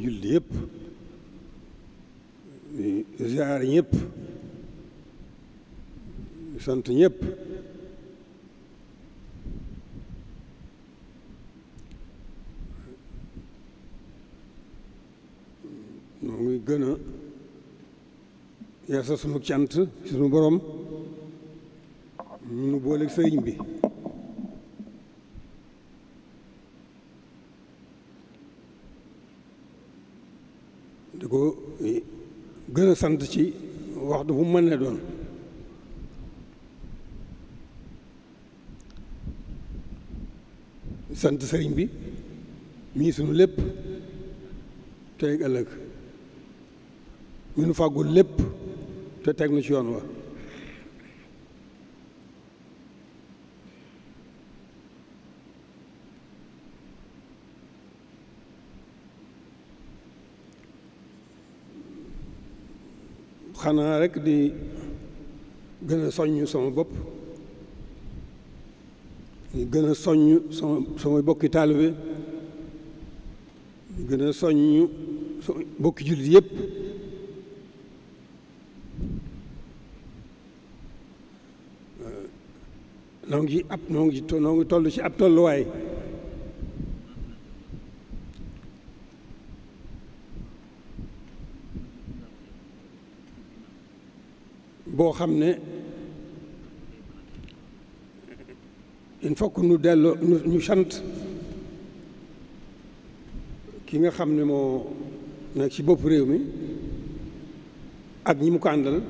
julli yëpp ziar ñëpp sant ñëpp noo ngi gën a yeesa sunu cant sunu borom nu booleeg sëriñ bi sant ci waxtu bu mën ne doon sant sëriñ bi mii sunu lépp tey ëllëg mi nu fàggul lépp te teg na ci yoon wa xanaa rek di gën a soññ sama bopp di gën a soññ sama sama bokki taalibe di gën a soññ bokki jullit yépp noo ngi ab noo ngi ngi toll ci ab tolluwaay boo xam ne il faut nu delloo ñu sant ki nga xam ni moo nekk ci bopp réew mi ak ñi mu ko àndal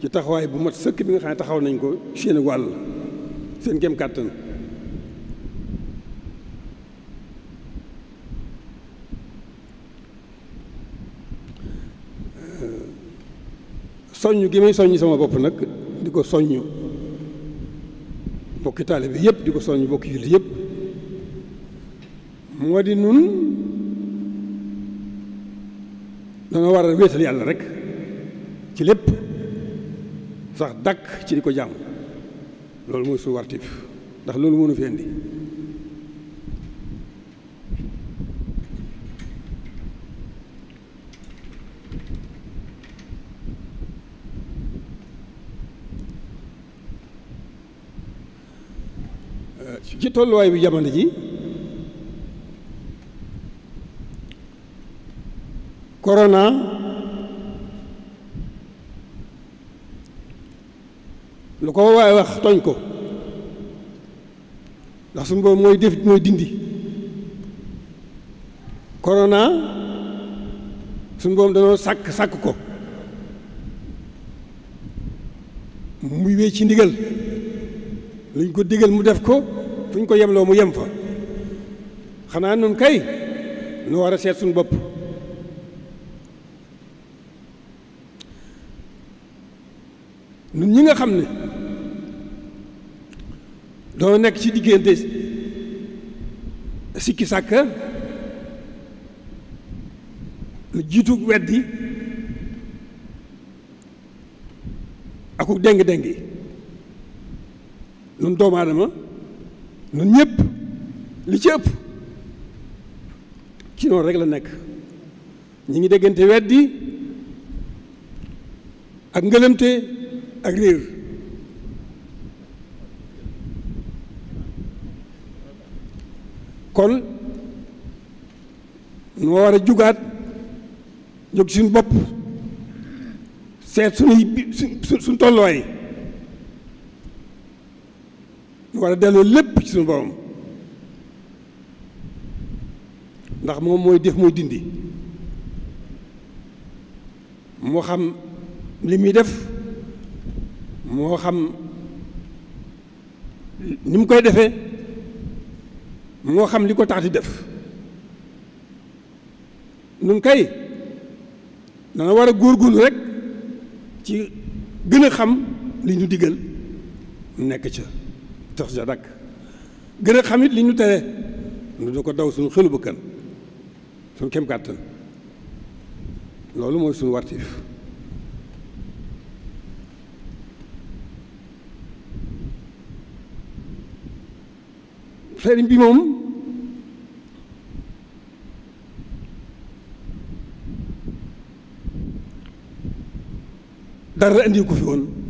ci taxawaay bu mat sëkk bi nga xam ne taxaw nañ ko seen wàll seen kem kàttan soññ ki may soññ sama bopp nag di ko soññ bokki taalibe yëpp di ko soññ bokki julli yëpp moo di nun danga war a wéetal yàlla rek ci lépp sax dàkk ci di ko jàmm loolu mooy suñu wartif ndax loolu mënu fi su ci tolluwaay bi jamono ji korona lu ko waaye wax tooñ ko ndax suñu boobu mooy def mooy dindi korona suñu boobu dañoo sàkk sàkk ko muy wéy ci ndigal luñ ko digal mu def ko fu ñu ko yemloo mu yem fa xanaa nun kay nu war a seet suñu bopp nun ñi nga xam ne doo nekk ci diggante sikki sàkka lu jiitu weddi aku déng-déng nun doomu aadama ñun ñëpp li ci ëpp ci noonu rek la nekk ñi ngi déggante weddi ak ngëlëmte ak réer kon noo war a jugaat jóg suñu bopp seet suñuy suñ suñ tolluwaay ñu war a delloo lépp suñu borom ndax moom mooy def mooy dindi moo xam li muy def moo xam ni mu koy defe moo xam li ko tax di def nun kay danga war a góorgóorlu rek ci gën a xam li ñu diggal nekk ca tax ja dakk gën a xamit li ñu tere nu du ko daw suñu xelu bëkkan suñu kem kàttan loolu mooy suñu wartiif sëriñ bi moom dara indi ko fi woon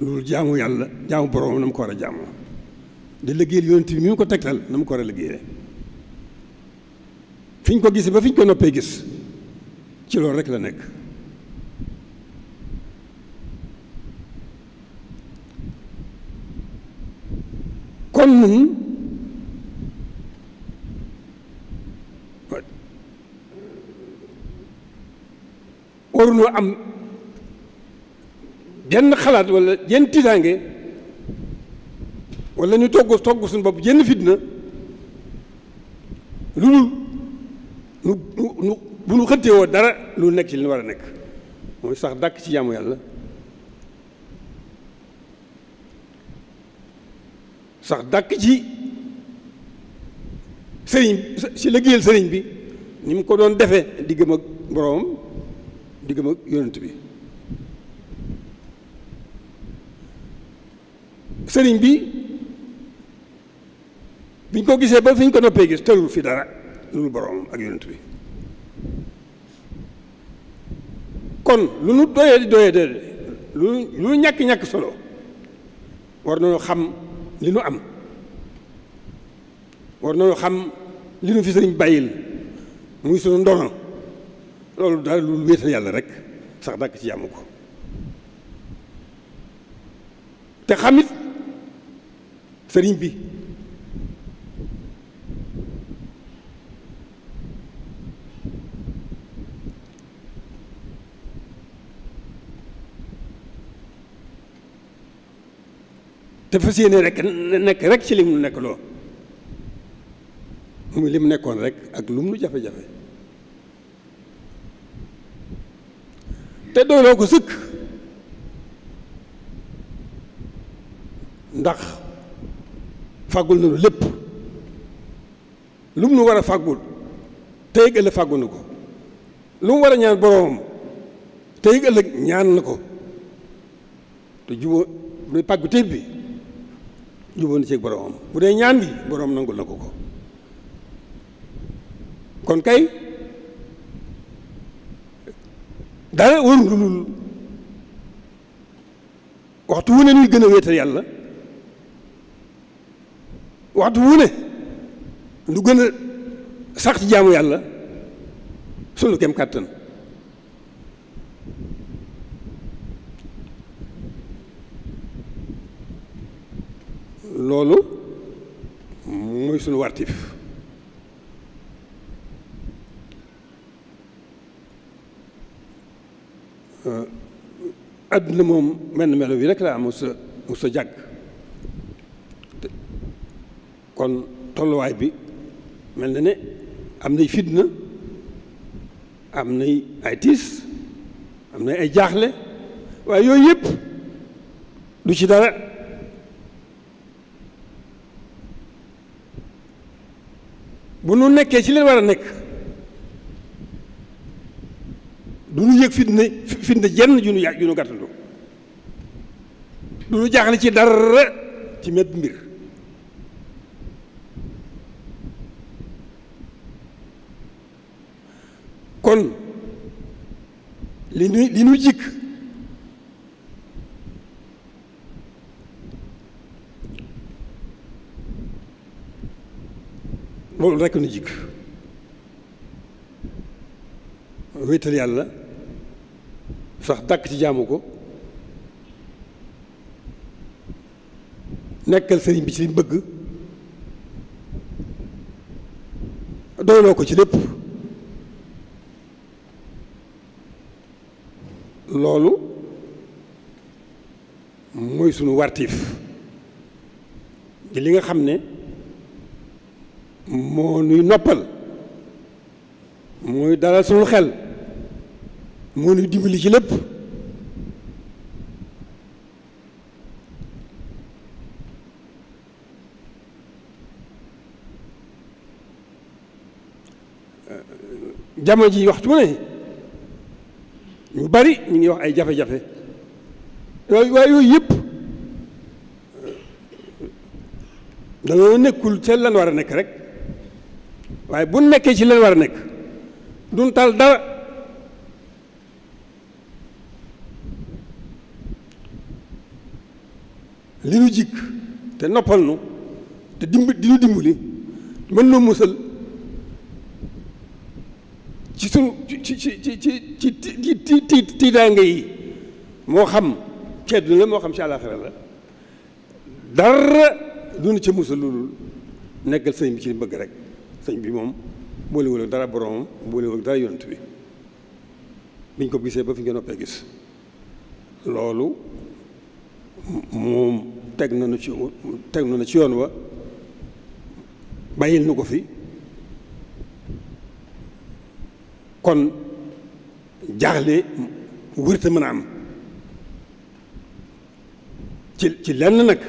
loolu jaamu yàlla jaamu boroomam na mu ko war a jaamoo di liggéeyal yonent bi mi mu ko tegtal na mu ko war a liggéeyee fi ñu ko gisee ba fi ñu ko noppee gis ci loolu rek la nekk kon nun waru noo am jenn xalaat walla jenn tiitaange wala ñu togg togg suñu bopp jenn fitna lu nu nu bu nu xëttewoo dara lu nekk ci li war a nekk mooy sax dàkk ci jaamu yàlla sax dàkk ci sëriñ si liggéeyal sëriñ bi ni mu ko doon defee diggam ak boroomam diggam ak yonent bi sëriñ bi biñ ko gisee ba fi ñu ko noppee gis tëlul fi dara lu dul boroom ak yonent bi kon lu nu doyee di doyee de lu lu ñàkk ñàkk solo war nañu xam li nu am war nañu xam li nu fi sëriñ bàyyil muy sunu ndono loolu daal lu wéetal yàlla rek sax dàkk ci yàmm ko te xamit sëriñ bi te fas rekk nekk rek ci li mu nekk loo mu li mu nekkoon rekk ak lu mu jafe-jafe te doyloo ko sëkk ndax fàggul nañu lépp lu mu nu war a fàggul tey ëllëg fàggu ko lu mu war a ñaan boroom tey ëllëg ñaan na ko te jubóo muy pàggu téeb bi jubóo na ci boroomam bu dee ñaan bi boroom nangul na ko ko kon kay dara warul waxtu wu ne ñuy gën a wéetal yàlla waxtu wu ne lu gën a sax ci jaamu yàlla sunu kem kàttan loolu mooy sunu wartif euh, àdduna moom mel na melo bi rek laa mos sa mos a jàgg kon tolluwaay bi mel na ne am nay fitna am nay ay tiis am nay ay jaaxle waaye yooyu yëpp du ci dara bu nu nekkee ci leen war a nekk du nu yëg fitna fitna jenn ju nu yàgg ju nu gàttandu du nu jaaxle ci dara ci met mbir li nu li nu jikk loolu rekk nu jikk wéetal yàlla sax dàkk ci jaamu ko nekkal sëriñ bi ci bëgg doyloo ko ci lépp sunu wartiif di li nga xam ne moo nuy noppal mooy dalal sunu xel moo nuy dimbali ci lépp jamono ji waxtu ne ñu bari ñu ngi wax ay jafe-jafe waaye yooyu yëpp danoo nekkul ca lan war a nekk rek waaye bu nekkee ci lan war a nekk duñ tal dara li nu jikk te noppal nu te dimb di nu dimbali mën noo musal ci sunu ci ci ci ci ci ci tiitaange yi moo xam ci àdduna la moo xam ci àllaaxira la dara du ci ca musa loolu nekkal sëñ bi ci bëgg rek sëñ bi moom boolewul ak dara boromam boolewul ak dara yonent bi biñ ko gisee ba fi nga noppee gis loolu moom teg na nu ci teg yoon wa bàyyil nu ko fi kon jaaxle wërta mën a am ci ci lenn nag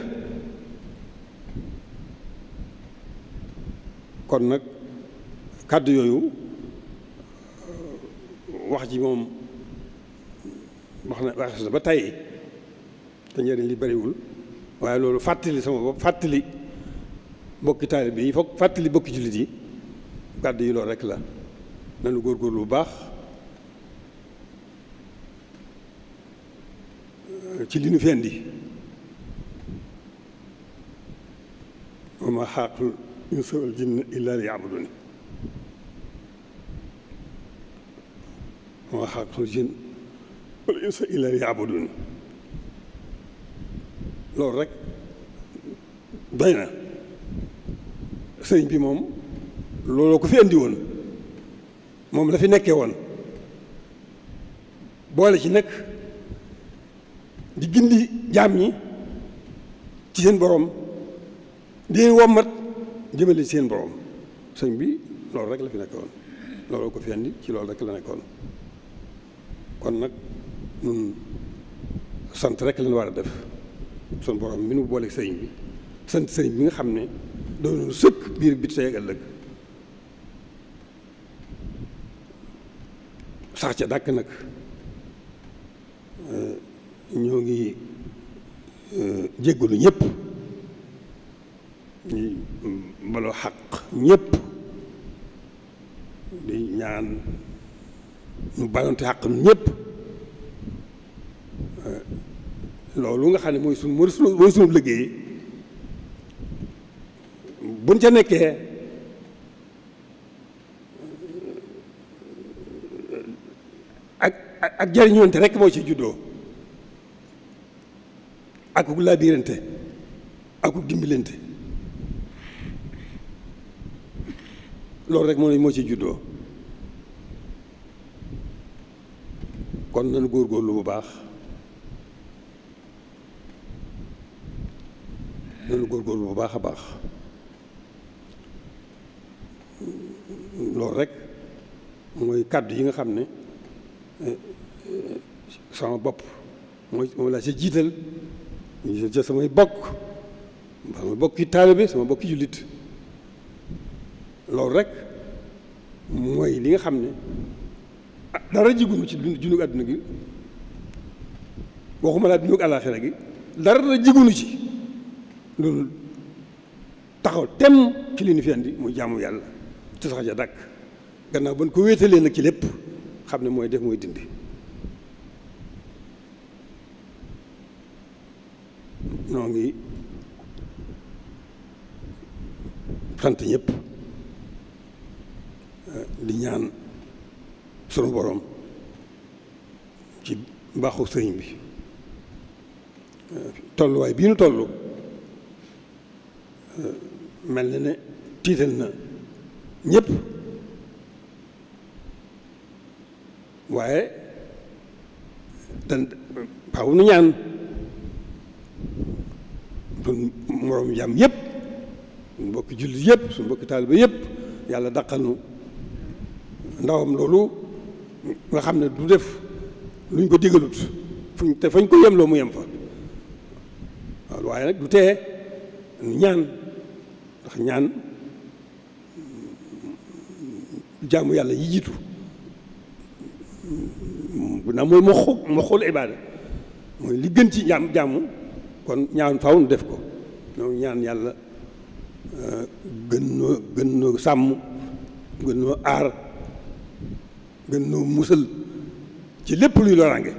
kon nag kàddu yooyu wax ji moom wax na wax ba tey te njëriñ li bariwul waaye loolu fàttali sama bopp fàttali bokki taalib yi foog fàttali bokki jullit yi kàddu yi loolu rek la nanu góorgóorlu lu baax euh, ci li nu fi indi ma xaaqul insa wal jinna illaa liya'budun wa loolu rek doy na sëriñ bi moom looloo ko fi andi woon moom la fi nekkee woon boole ci nag di gindi jaam ñi ci seen boroom di wommat jëmale seen borom sëñ bi loolu rek la fi nekkoon looloo ko fi andi ci loolu rek la nekkoon kon nag ñun sant rekk lañ war a def suñu borom mi nu boole sëñ bi sant sëñ bi nga xam ne doon sëkk biir bi tey ëllëg sax ca dàkk nag eh, ñoo ngi eh, jéggalu ñëpp mbaloo xaq ñépp di ñaan ñu ñépp loolu nga xam ne mooy sunu mooy sunu mooy sunu liggéey buñ ca nekkee ak ak jariñoonte rek moo ci juddoo ak ku laa biirante ak ku dimbilante loolu rek moo moo ci juddoo kon nañu góorgóorlu bu baax nañu góorgóorlu bu baax a baax loolu rek mooy kàddu yi nga xam ne eh, sama bopp mooy moom laa sa jiital sa samay bokk sama bokki taalibe sama bokk bokki jullit loolu rek mooy li nga xam ne dara jigunu ci junug àdduna gi waxuma laa junug àllaaxira gi dara jigunu ci loolu taxaw tem ci li ñu mu andi jaamu yàlla te sax ja dàkk gannaaw ba ñu ko wéetalee nag ci lépp xam ne mooy def mooy dindi noo ngi sant ñëpp di ñaan sunu boroom ci mbaaxu sëriñ bi tolluwaay bii nu toll mel na ne tiital na ñépp waaye dan faaw nu ñaan suñu moroom jàmm yépp suñu mbokki jullit yépp suñu mbokki taaliba yépp yàlla daqanu ndawam loolu nga xam ne du def luñ ko digalut fuñ te fañ ko yem loo mu yem fa waaw waaye nag du tee ñaan ndax ñaan jaamu yàlla yi jiitu bu naa mooy ma xo ma mooy li gën ci jaam jaamu kon ñaan faw nu def ko ñoom ñaan yàlla euh, gën noo gën noo sàmm gën noo aar gën noo musal ci lépp luy loraange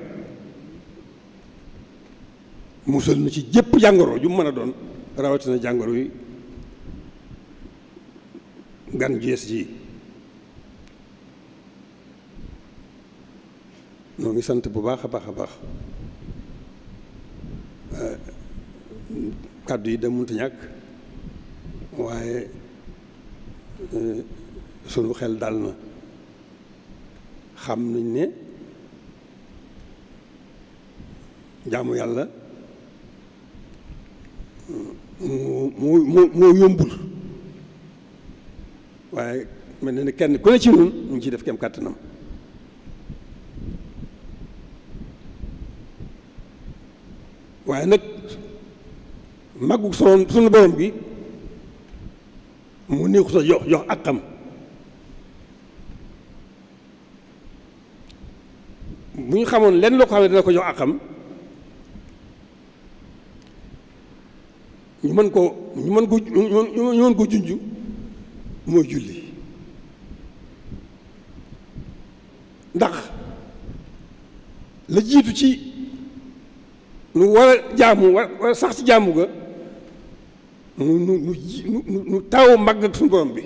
musal nu ci jëpp jàngoro ju mën a doon rawatina jàngoro yi gan jees ji noo ngi sant bu baax a baax a baax kàddu yi da munta ñàkk waaye eh, sunu xel dal na xam nañ ne jaamu yàlla moo moo moo yombul waaye mel na ne kenn ku ne ci ñun mu ngi ciy def kem kàttanam waaye nag màggu sunu sunu borom gi mu néexu sa jox jox ak xam bu ñu xamoon lenn loo ko xam ne dina ko jox àqam ñu mën ko ñu mën ko ñu mën ko junj mooy julli ndax la jiitu ci lu war a jaamu war sax ci jaamu ga nu nu nu nu taawu màgg ak suñu bi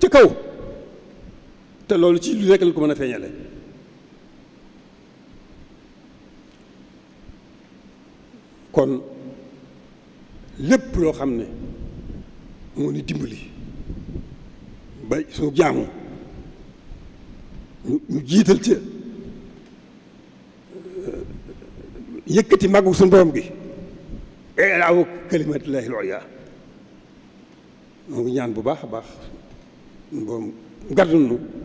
ci kaw te loolu ci lu rekk la ko mën a feeñale kon lépp loo xam ne moo ni dimbali ba suñu jaamu ñu jiital ci euh, yëkkati màggu suñu borom gi eelaawu kalimatullahi al-ulya moo ngi ñaan bu baax a baax borom gàddu nu